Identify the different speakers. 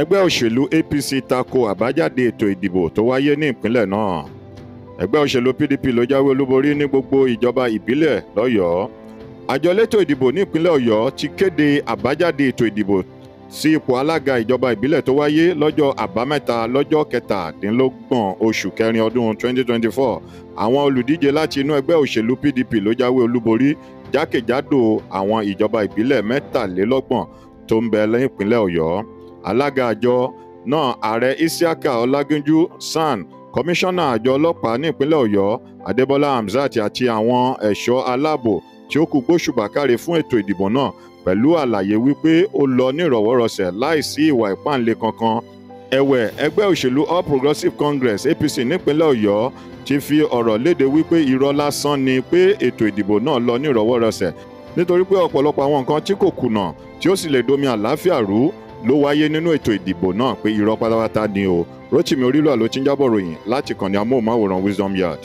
Speaker 1: ẹgbẹ́ òṣèlú APC tako àbájáde ètò ìdìbò tó wáyé ní ìpínlẹ̀ náà ẹgbẹ́ òṣèlú PDP ló jáwé olúborí ní gbogbo ìjọba ìbílẹ̀ lọ́yọ̀ọ́ àjọ elétò ìdìbò ní ìpínlẹ̀ Ọ̀yọ́ ti kéde àbájáde ètò ìdìbò sí ipò alága ìjọba ìbílẹ̀ tó wáyé lọ́jọ́ àbámẹ́ta lọ́jọ́ kẹtàdínlọ́gbọ̀n oṣù kẹrin ọdún 2024 àwọn olùdíje láti inú ẹgbẹ́ òṣèlú PDP ló jáwé olúborí jákèjádò àwọn ìjọba ìbílẹ̀ mẹ́tàlélọ́gbọ̀n tó ń bẹ lẹ́yìn ìpínlẹ̀ Ọ̀yọ́ alága àjọ náà ààrẹ isiaka ọlágúnjú san kọmíṣánná àjọ ọlọ́pàá ní ìpínlẹ̀ ọ̀yọ́ adébọ́lá hamzat àti àwọn ẹ̀ṣọ́ aláàbò tí ó kù gbóṣùbà káre fún ètò ìdìbò náà pẹ̀lú àlàyé wípé ó lọ nírọ̀wọ́rọsẹ̀ láìsí ìwà ìpáǹle kankan ẹ̀wẹ̀ ẹgbẹ́ òṣèlú all progressives congress apc nípínlẹ̀ ọ̀yọ́ ti fi ọ̀rọ̀ léde wípé irọ́ lásán ni pé ètò ìdìbò náà lọ nírọ̀wọ́rọsẹ̀ nítorí pé ọ̀pọ̀lọpọ̀ àwọn nǹkan tí kò kùnà tí ó sì lè domi àlàáfíà rú ló wáyé nínú ètò ìdìbò náà pé irọ́ pátápátá ni o Rótìmí Orílùwà ló ti ń jábọ̀ ròyìn láti kàn ní amóhùnmáwòrán
Speaker 2: Wisdom Yard.